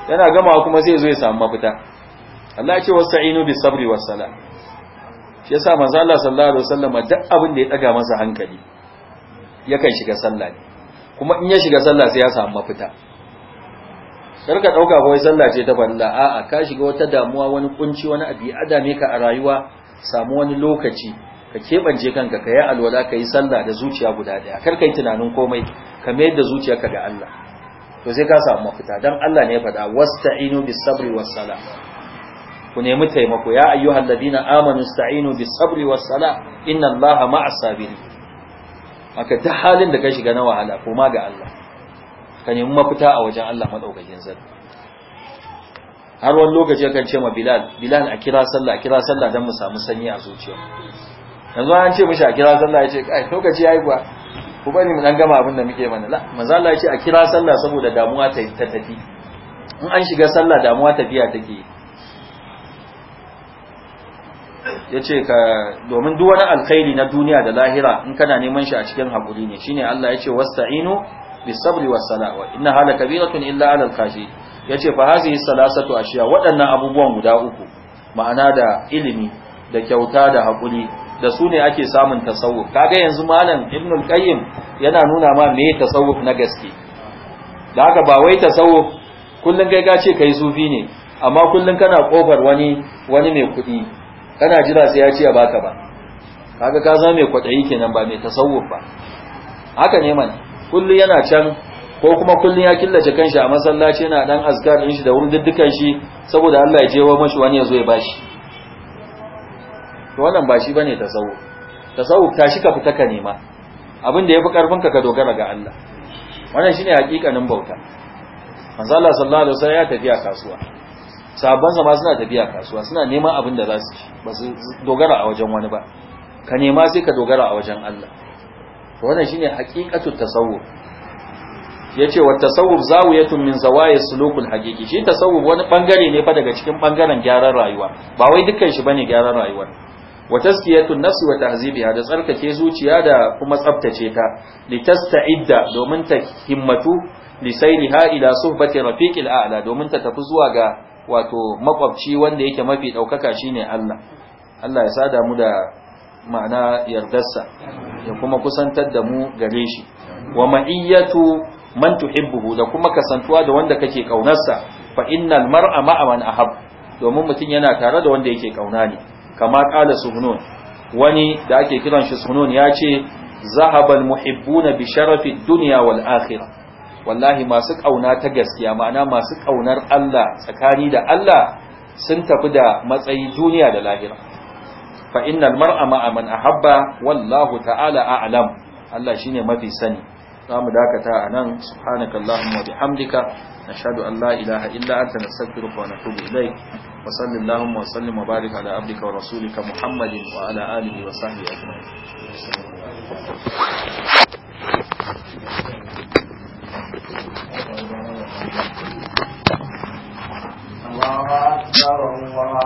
yana gama kuma sai zo ya samu mafita Allah ya ce wasta'inu bi sabri was sala shi yasa manzo Allah sallallahu alaihi wasallam duk abin da ya daga masa hankali yakan shiga sallah kuma in ya shiga sallah sai ya samu mafita ɗauka dauka kawai sallah ce ta balla a'a ka shiga wata damuwa wani kunci wani abi adame ka a rayuwa samu wani lokaci ka kebance kanka ka yi alwala ka yi sallah da zuciya guda daya ka yi tunanin komai ka mayar da zuciyarka ga Allah to sai ka samu mafita dan Allah ne ya faɗa wasta'inu bis sabri was sala ku nemi taimako ya ayyuhal ladina amanu sta'inu bis sabri was sala inna allaha ma'as sabirin aka ta halin da ka shiga na wahala koma ga Allah ka nemi mafita a wajen Allah madaukakin sarki har wani lokaci kan ce ma Bilal Bilal a kira sallah a kira sallah dan mu samu sanyi a zuciya yanzu an ce mishi a kira sallah ya ce kai lokaci yayi kuwa ku bani mu dan gama abin da muke mana la manzo Allah ya ce a kira sallah saboda damuwa ta tafi in an shiga sallah damuwa tafiya take yi yace ka domin duk wani alkhairi na duniya da lahira in kana neman shi a cikin hakuri ne shine Allah yace wasta'inu bisabri wassala wa inna hala kabiratun illa ala ya yace fa hazihi salasatu ashiya waɗannan abubuwan guda uku ma'ana da ilimi da kyauta da hakuri da su ne ake samun tasawuf kaga yanzu malam ibnul qayyim yana nuna ma me tasawuf na gaske da haka ba wai tasawuf kullun kai ga ce kai sufi ne amma kullun kana kofar wani wani mai kuɗi kana jira sai ya ce ya baka ba kaga ka za mai kwaɗayi kenan ba mai tasawuf ba haka ne man kullu yana can ko kuma kullun ya killace kanshi a masallaci yana dan azkar din shi da wurduddukan shi saboda Allah ya jewa mashi wani yazo ya bashi to wannan ba shi bane tasawuf tasawuf shi ka fita ka nema abin da yafi karfin ka ka dogara ga Allah wannan shine hakikanin bauta manzo Allah sallallahu alaihi wasallam ya tafi a kasuwa Sabon ma suna tafiya kasuwa suna neman abin da za su ci ba su dogara a wajen wani ba ka nema sai ka dogara a wajen Allah to wannan shine haqiqatul tasawwur yace wa tasawwur zawiyatun min zawaya sulukul haqiqi shi tasawwur wani bangare ne fa daga cikin bangaren gyaran rayuwa ba wai dukkan shi bane gyaran rayuwar wa tazkiyatun nafsi wa tahzibiha da tsarkake zuciya da kuma tsaftace ta litasta'idda domin ta himmatu su ila suhbati rafiqil a'la domin ta tafi zuwa ga wato makwabci wanda yake mafi ɗaukaka shine Allah Allah ya sada mu da ma'ana yardarsa ya kuma kusantar da mu gare shi wa ma'iyyatu man tuhibbu da kuma kasantuwa da wanda kake kaunarsa fa innal mar'a ma'a man ahab domin mutum yana tare da wanda yake kauna ne kama qala suhnun wani da ake kiran shi suhnun ya ce zahabal muhibbuna bi sharafi dunya wal akhirah wallahi masu kauna ta gaskiya ma'ana masu kaunar Allah tsakani da Allah sun tafi da matsayi duniya da lahira fa innal mar'a ma'a man ahabba wallahu ta'ala a'lam Allah shine mafi sani zamu dakata anan subhanakallahumma wa bihamdika nashhadu an la ilaha illa anta nastaghfiruka wa natubu ilaik wa sallallahu wa sallim wa barik ala abdika wa rasulika muhammadin wa ala alihi wa sahbihi ajma'in الله أكبر الله